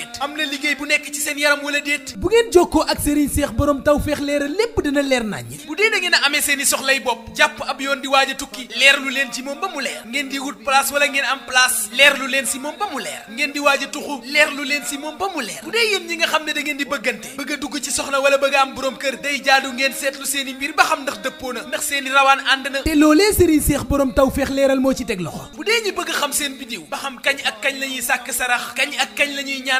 déet am na liggéey bu nekk ci seen yaram wala déet bu ngeen jokkoo ak Serigne Cheikh borom tawfeex leeral lépp dina leer naññ bu dee da ngeen a amee seen i soxlay bopp jàpp ab yoon di waaj a tukki leer lu leen ci moom ba mu leer ngeen di wut place wala ngeen am place leer lu leen si moom ba mu leer ngeen di waaj tuxu leer leen si moom ba mu leer bu dee yéen ñi nga xam ne da ngeen di bëggante bëgg a dugg ci soxna wala bëgg a am borom kër day jaadu ngeen seetlu seen i mbir ba xam ndax dëppoo na ndax seen i rawaan ànd na te loolee Serigne Cheikh borom tawfeex leeral moo ci teg loxo bu dee ñi bëgg xam seen bidiw ba xam kañ ak kañ ak kañ la ñuy ñaan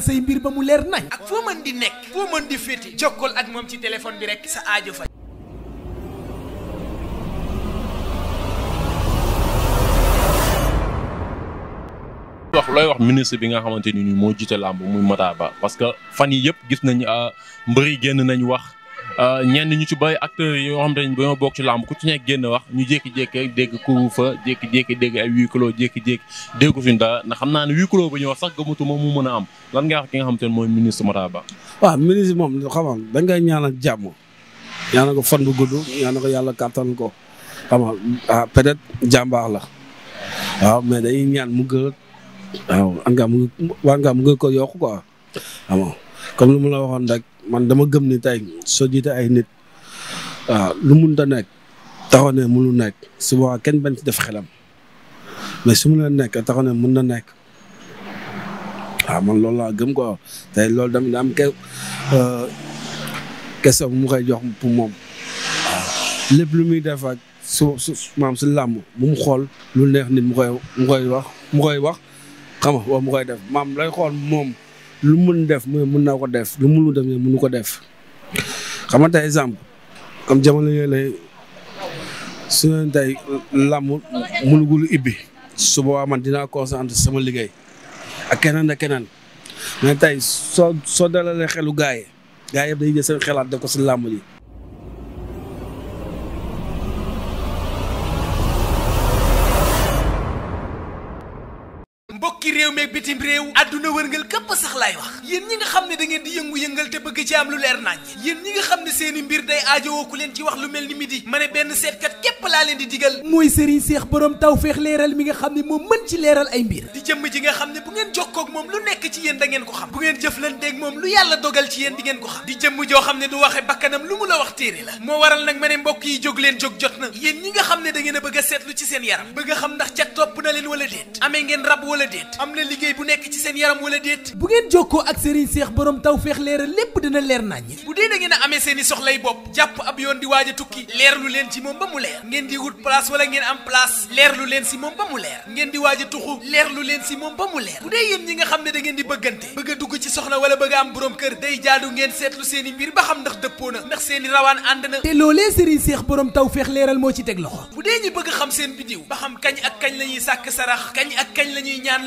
say mbir ba mu leer nañ. ak foo mën di nekk. foo ak moom ci téléphone bi rek. sa aajo fa. wax looy wax ministre bi nga xamante ni moo jiite làmb muy Matar Ba parce que fan yi yëpp gis nañ ah, mbëri génn nañu wax. Euh, ñenn ñu ci bay acteurs yoo xam ne dañoo bokk ci làmb ku ci nekk génn wax ñu jékki-jékki dégg ku fa jékki-jékki dégg ay huis jékki-jékki déggu fi dara ndax xam naa ne huis clos ba ñu wax sax gëmatuma mu mën a am lan nga wax ki nga xam te ne mooy ministre Matar Ba. waaw ministre moom xam nga ñaan koy ñaanal jàmm ñaanal ko fan bu gudd ñaanal ko yàlla kàttan ko xam nga ah peut jàmbaar la waaw mais dañuy ñaan mu gën waaw an mu war mu gën ko yokk quoi xam nga lu mu la waxoon rek. man dama gëm ni tey soo jiite ay nit waaw ah, lu mënut a nekk taxaw ne mënu nekk su boobaa kenn bañ ci def xelam mais su mu la nekk taxaw ne mën na nekk a ah, man loolu laa gëm ko tay loolu tamit daa am ke euh, question bu mu koy jox pour moom ah, lépp lu muy def ak su su làmb bu mu xool lu neex nit mu koy mu koy wax mu koy wax xam nga wala mu koy def maam lay xool moom. lu mën def mu ne mën naa ko def lu mënul def mu ne mënu ko def xam nga tey exemple comme jamono yooyu la su ne tey làmb mënugul ibbi su boobaa man dinaa concentré sama liggéey ak keneen ak keneen mais tey soo soo dalalee xelu gars yi gars yi yëpp dañuy jël xelaat def ko si làmb yi réew meeg bitim réew adduna wërngal képp sax laay wax yéen ñi nga xam ne da ngeen di yëngu-yëngal te bëgg ci am lu leer nañ yéen ñi nga xam ne seeni mbir day aajowoo ku leen ci wax lu mel ni midi ma ne benn seetkat képp laa leen di digal mooy sëriñ seex borom tawfeex leeral mi nga xam ne moom mën ci leeral ay mbir di jëmm ji nga xam ne bu ngeen jokkoo ak moom lu nekk ci yéen da ko xam bu ngeen jëflanteeg moom lu yàlla dogal ci yéen di ko xam di jëmm xam ne du waxe bakkanam lu mu la wax téere la ma ne mbokk yi jóg leen jóg jot na yéen ñi nga xam ne da ngeen bëgg a ci seen yaram bëgg a xam ndax na leen wala déet amee ngeen rab wala déet am na liggéey bu nekk ci seen yaram wala déet bu ngeen jokkoo ak Serigne Cheikh borom taw feex leeral lépp dina leer naññ bu dee da ngeen a amee seen i soxlay bopp jàpp ab yoon di waaj tukki leerlu leen ci moom ba mu leer ngeen di wut place wala ngeen am place leerlu leen si moom ba mu leer ngeen di waaja a tuxu leerlu leen si moom ba mu leer bu dee yéen ñi nga xam ne da ngeen di bëggante bëgg a dugg ci soxna wala bëgg a am borom kër day jaadu ngeen seetlu seen ba xam ndax dëppoo na ndax seen rawaan ànd na te loolee taw feex leeral moo ci teg dee bëgg xam seen ba xam kañ ak kañ la ñuy sàkk sarax kañ ak kañ la ñuy ñaan